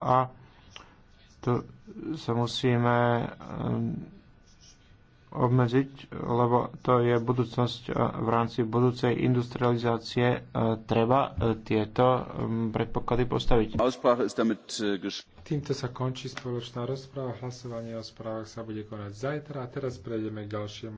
a tu sa musíme um, obmedziť, lebo to je budúcnosť v rámci budúcej industrializácie. E, treba e, tieto um, predpoklady postaviť. Äh, Týmto sa končí spoločná rozpráva. Hlasovanie o správach sa bude konať zajtra a teraz prejdeme k ďalšiemu.